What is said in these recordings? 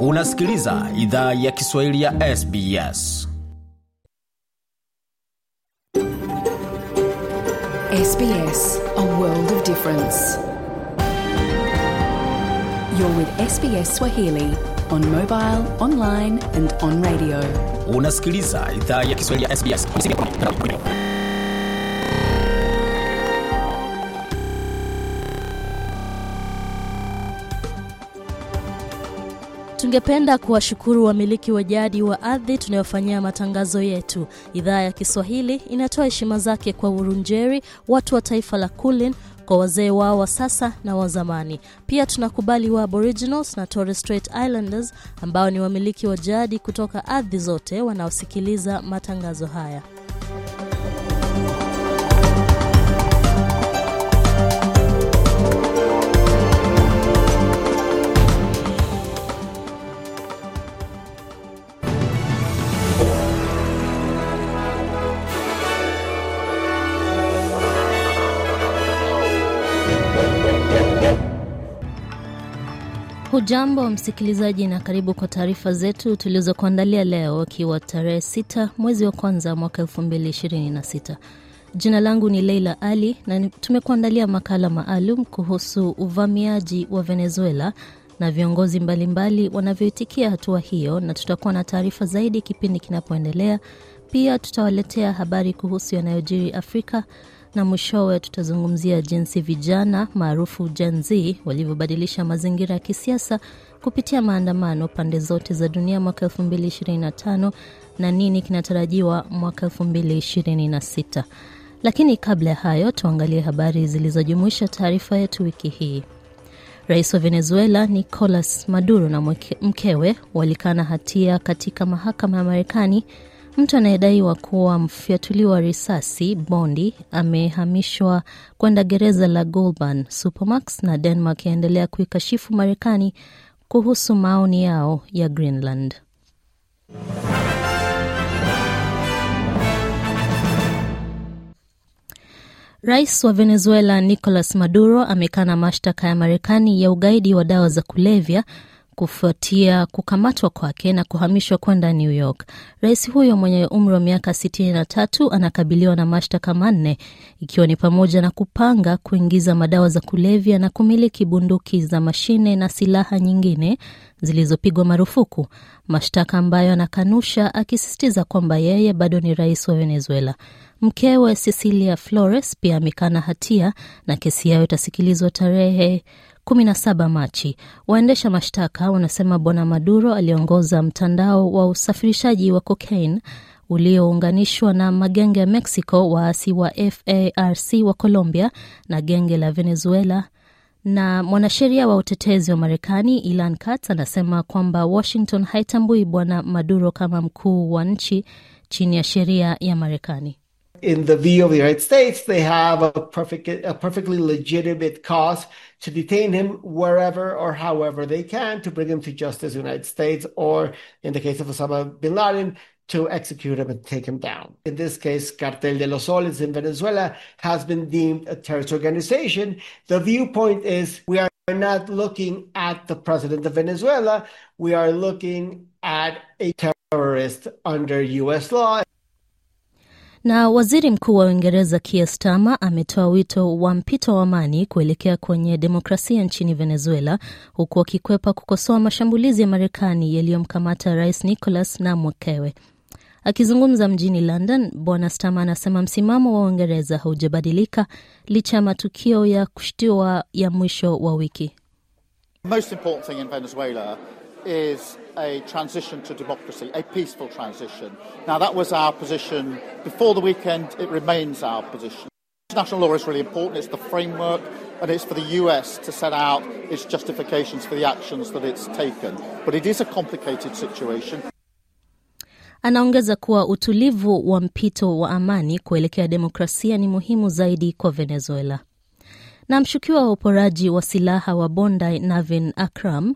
Unasikiliza idhaa ya Kiswahili ya SBS. SBS, a world of difference. You're with SBS Swahili on mobile, online and on radio. Unasikiliza idhaa ya Kiswahili ya SBS. Tungependa kuwashukuru wamiliki wa jadi wa ardhi tunayofanyia matangazo yetu. Idhaa ya Kiswahili inatoa heshima zake kwa Urunjeri, watu wa taifa la Kulin, kwa wazee wao wa sasa na wa zamani. Pia tunakubali wa Aboriginals na Torres Strait Islanders ambao ni wamiliki wa jadi kutoka ardhi zote wanaosikiliza matangazo haya. Hujambo msikilizaji, na karibu kwa taarifa zetu tulizokuandalia leo, ikiwa tarehe 6 mwezi wa kwanza mwaka 2026. Jina langu ni Leila Ali na tumekuandalia makala maalum kuhusu uvamiaji wa Venezuela na viongozi mbalimbali wanavyoitikia hatua hiyo, na tutakuwa na taarifa zaidi kipindi kinapoendelea. Pia tutawaletea habari kuhusu yanayojiri Afrika na mwishowe tutazungumzia jinsi vijana maarufu Gen walivyobadilisha mazingira ya kisiasa kupitia maandamano pande zote za dunia mwaka 225 na nini kinatarajiwa mwaka 226 Lakini kabla ya hayo, tuangalie habari zilizojumuisha taarifa yetu wiki hii. Rais wa Venezuela Nicolas Maduro na mkewe walikana hatia katika mahakama ya Marekani Mtu anayedaiwa kuwa mfyatuliwa risasi Bondi amehamishwa kwenda gereza la Goulburn Supermax, na Denmark yaendelea kuikashifu Marekani kuhusu maoni yao ya Greenland. Rais wa Venezuela Nicolas Maduro amekana mashtaka ya Marekani ya ugaidi wa dawa za kulevya kufuatia kukamatwa kwake na kuhamishwa kwenda New York. Rais huyo mwenye umri wa miaka tatu anakabiliwa na mashtaka manne ikiwa ni pamoja na kupanga kuingiza madawa za kulevya na kumiliki bunduki za mashine na silaha nyingine zilizopigwa marufuku, mashtaka ambayo anakanusha akisisitiza kwamba yeye bado ni rais wa Venezuela. Mkewe Cecilia Flores pia amekana hatia na kesi yayo itasikilizwa tarehe 17 Machi. Waendesha mashtaka wanasema Bwana Maduro aliongoza mtandao wa usafirishaji wa cocaine uliounganishwa na magenge ya Mexico, waasi wa FARC wa Colombia na genge la Venezuela na mwanasheria wa utetezi wa Marekani Ilan Katz anasema kwamba Washington haitambui Bwana Maduro kama mkuu wa nchi chini ya sheria ya Marekani. in the view of the United States, they have a perfect, a perfectly legitimate cause to detain him wherever or however they can to bring him to justice in the United States, or in the case of Osama bin Laden, to execute him and take him down. In this case, Cartel de los Soles in Venezuela has been deemed a terrorist organization. The viewpoint is we are not looking at the president of Venezuela, we are looking at a terrorist under US law. Na waziri mkuu wa Uingereza Keir Starmer ametoa wito wa mpito wa amani kuelekea kwenye demokrasia nchini Venezuela, huku akikwepa kukosoa mashambulizi ya Marekani yaliyomkamata rais Nicolas na mkewe. Akizungumza mjini London, Bwana Starmer anasema msimamo wa Uingereza haujabadilika licha ya matukio ya kushtiwa ya mwisho wa wiki. Most important thing in Venezuela is a transition to democracy, a peaceful transition. Now, that was our position before the weekend, it remains our position. International law is really important, it's the framework, and it's for the US to set out its justifications for the actions that it's taken. But it is a complicated situation. Anaongeza kuwa utulivu wa mpito wa amani kuelekea demokrasia ni muhimu zaidi kwa Venezuela. Na mshukiwa wa uporaji wa silaha wa Bondi Navin Akram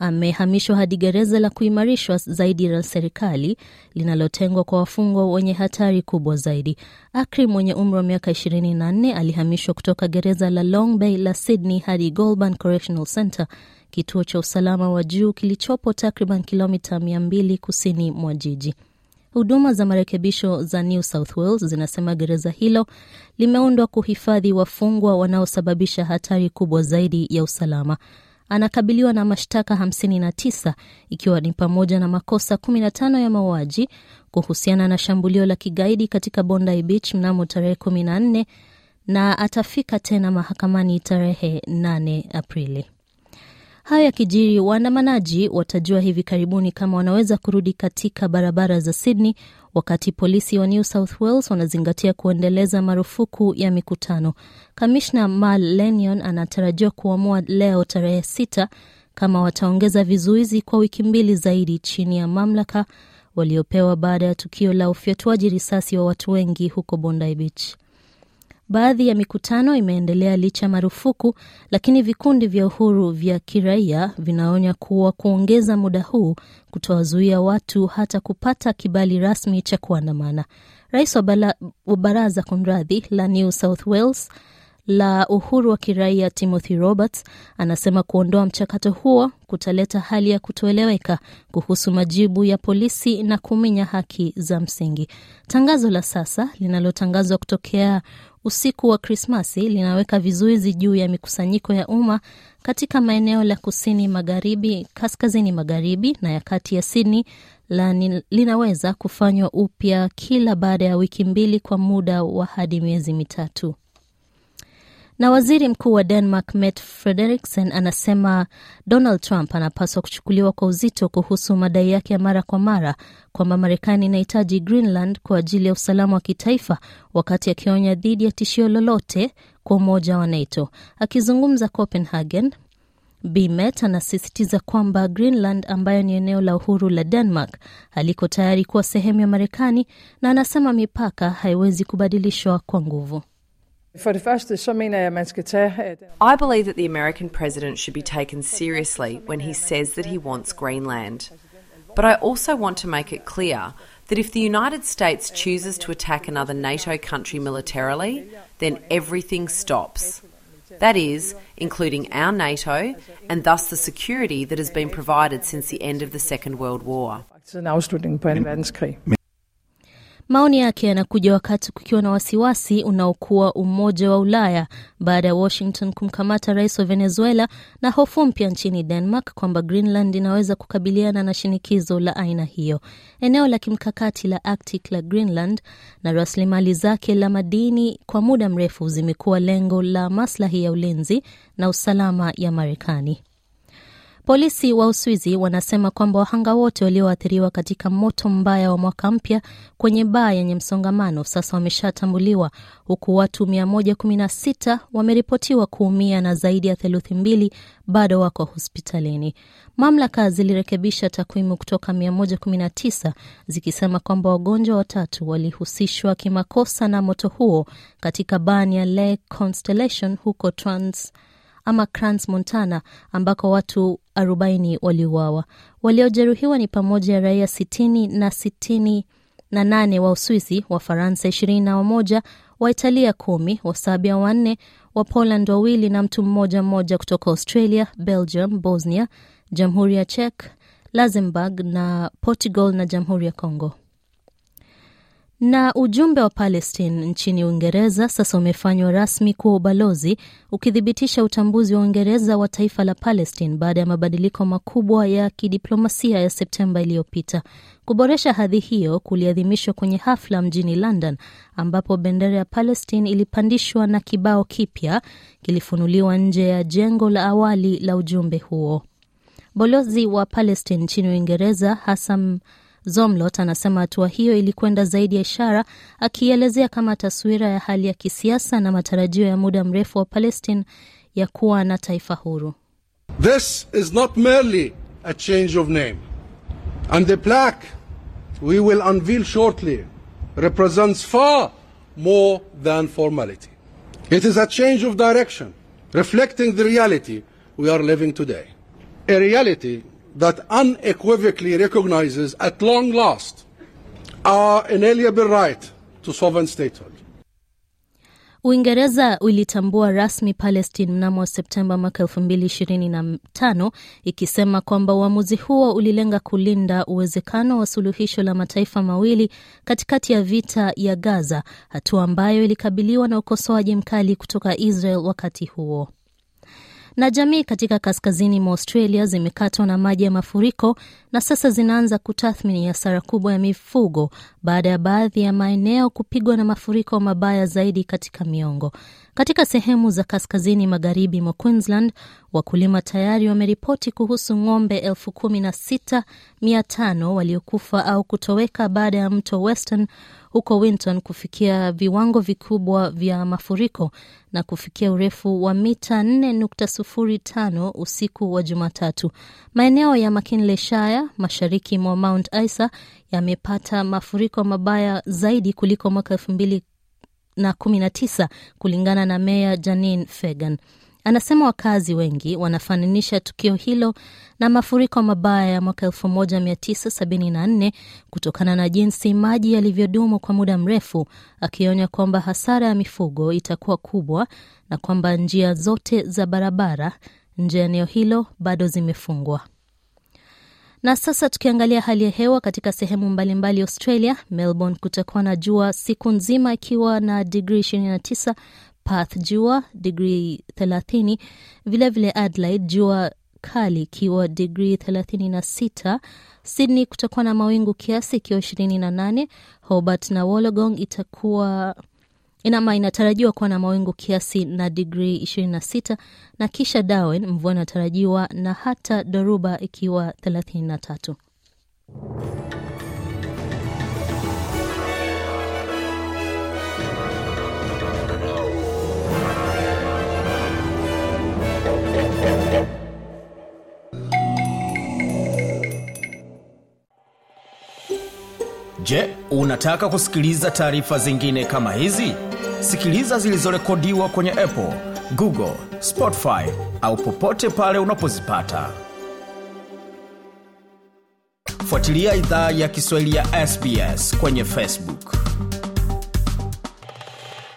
amehamishwa hadi gereza la kuimarishwa zaidi la serikali linalotengwa kwa wafungwa wenye hatari kubwa zaidi. Akri mwenye umri wa miaka 24 alihamishwa kutoka gereza la Long Bay la Sydney hadi golban Correctional center kituo cha usalama wa juu kilichopo takriban kilomita 200 kusini mwa jiji. Huduma za marekebisho za New South Wales zinasema gereza hilo limeundwa kuhifadhi wafungwa wanaosababisha hatari kubwa zaidi ya usalama anakabiliwa na mashtaka 59 ikiwa ni pamoja na makosa 15 ya mauaji kuhusiana na shambulio la kigaidi katika Bondi Beach mnamo tarehe 14 na atafika tena mahakamani tarehe 8 Aprili. Haya yakijiri, waandamanaji watajua hivi karibuni kama wanaweza kurudi katika barabara za Sydney, wakati polisi wa New South Wales wanazingatia kuendeleza marufuku ya mikutano. Kamishna Mal Lenion anatarajiwa kuamua leo tarehe sita kama wataongeza vizuizi kwa wiki mbili zaidi chini ya mamlaka waliopewa baada ya tukio la ufyatuaji risasi wa watu wengi huko Bondi Beach. Baadhi ya mikutano imeendelea licha ya marufuku, lakini vikundi vya uhuru vya kiraia vinaonya kuwa kuongeza muda huu kutowazuia watu hata kupata kibali rasmi cha kuandamana. Rais wa baraza kunradhi la New South Wales la uhuru wa kiraia Timothy Roberts anasema kuondoa mchakato huo kutaleta hali ya kutoeleweka kuhusu majibu ya polisi na kuminya haki za msingi. Tangazo la sasa linalotangazwa kutokea usiku wa Krismasi linaweka vizuizi juu ya mikusanyiko ya umma katika maeneo la kusini magharibi, kaskazini magharibi na ya kati ya Sydney la linaweza kufanywa upya kila baada ya wiki mbili kwa muda wa hadi miezi mitatu. Na waziri mkuu wa Denmark Mette Frederiksen anasema Donald Trump anapaswa kuchukuliwa kwa uzito kuhusu madai yake ya mara kwa mara kwamba Marekani inahitaji Greenland kwa ajili ya usalama wa kitaifa, wakati akionya dhidi ya tishio lolote kwa umoja wa NATO. Akizungumza Copenhagen, Bi anasisitiza kwamba Greenland ambayo ni eneo la uhuru la Denmark haliko tayari kuwa sehemu ya Marekani na anasema mipaka haiwezi kubadilishwa kwa nguvu. Øh, I believe that the American president should be taken seriously when he says that he wants Greenland. But I also want to make it clear that if the United States chooses to attack another NATO country militarily, then everything stops. That is, including our NATO and thus the security that has been provided since the end of the Second World War. Maoni yake yanakuja wakati kukiwa na wasiwasi unaokuwa Umoja wa Ulaya baada ya Washington kumkamata rais wa Venezuela na hofu mpya nchini Denmark kwamba Greenland inaweza kukabiliana na shinikizo la aina hiyo. Eneo la kimkakati la Arctic la Greenland na rasilimali zake la madini kwa muda mrefu zimekuwa lengo la maslahi ya ulinzi na usalama ya Marekani. Polisi wa Uswizi wanasema kwamba wahanga wote walioathiriwa katika moto mbaya wa mwaka mpya kwenye baa yenye msongamano sasa wameshatambuliwa, huku watu 116 wameripotiwa kuumia na zaidi ya theluthi mbili bado wako hospitalini. Mamlaka zilirekebisha takwimu kutoka 119 zikisema kwamba wagonjwa watatu walihusishwa kimakosa na moto huo katika baa ya Le Constellation huko Trans ama Crans, Montana, ambako watu 40 waliuawa. Waliojeruhiwa ni pamoja ya raia sitini na sitini na nane wa Uswisi, wa Faransa ishirini na wamoja wa Italia kumi, wa Sabia wanne, wa Poland wawili na mtu mmoja mmoja kutoka Australia, Belgium, Bosnia, Jamhuri ya chek Luxembourg na Portugal na Jamhuri ya Congo. Na ujumbe wa Palestine nchini Uingereza sasa umefanywa rasmi kuwa ubalozi, ukithibitisha utambuzi wa Uingereza wa taifa la Palestine baada ya mabadiliko makubwa ya kidiplomasia ya Septemba iliyopita. Kuboresha hadhi hiyo kuliadhimishwa kwenye hafla mjini London, ambapo bendera ya Palestine ilipandishwa na kibao kipya kilifunuliwa nje ya jengo la awali la ujumbe huo. Balozi wa Palestine nchini Uingereza Hassan Zomlot anasema hatua hiyo ilikwenda zaidi ya ishara, akielezea kama taswira ya hali ya kisiasa na matarajio ya muda mrefu wa Palestine ya kuwa na taifa huru. This is not merely a change of name and the plaque we will unveil shortly represents far more than formality. It is a change of direction reflecting the reality we are living today, a reality that unequivocally recognizes at long last our inalienable right to sovereign statehood. Uingereza ulitambua rasmi Palestine mnamo Septemba mwaka 2025 ikisema kwamba uamuzi huo ulilenga kulinda uwezekano wa suluhisho la mataifa mawili katikati ya vita ya Gaza, hatua ambayo ilikabiliwa na ukosoaji mkali kutoka Israel wakati huo na jamii katika kaskazini mwa Australia zimekatwa na maji ya mafuriko na sasa zinaanza kutathmini hasara kubwa ya mifugo baada ya baadhi ya maeneo kupigwa na mafuriko mabaya zaidi katika miongo. Katika sehemu za kaskazini magharibi mwa Queensland, wakulima tayari wameripoti kuhusu ng'ombe elfu kumi na sita waliokufa au kutoweka baada ya mto Western huko Winton kufikia viwango vikubwa vya mafuriko na kufikia urefu wa mita 4.05 usiku wa Jumatatu. Maeneo ya McKinley Shire mashariki mwa Mount Isa yamepata mafuriko mabaya zaidi kuliko mwaka 2019 kulingana na meya Janine Fegan. Anasema wakazi wengi wanafananisha tukio hilo na mafuriko mabaya ya mwaka 1974 kutokana na jinsi maji yalivyodumu kwa muda mrefu, akionya kwamba hasara ya mifugo itakuwa kubwa na kwamba njia zote za barabara nje ya eneo hilo bado zimefungwa. Na sasa tukiangalia hali ya hewa katika sehemu mbalimbali Australia, Melbourne kutakuwa na jua siku nzima ikiwa na digrii 29, Perth jua digri 30, vilevile Adelaide jua kali ikiwa digri 36. Sydney kutakuwa na mawingu kiasi ikiwa 28. Hobart na Wollongong itakuwa inama inatarajiwa kuwa na mawingu kiasi na digrii 26, na kisha Darwin mvua inatarajiwa na hata dhoruba ikiwa 33. Je, unataka kusikiliza taarifa zingine kama hizi? Sikiliza zilizorekodiwa kwenye Apple, Google, Spotify au popote pale unapozipata. Fuatilia idhaa ya Kiswahili ya SBS kwenye Facebook.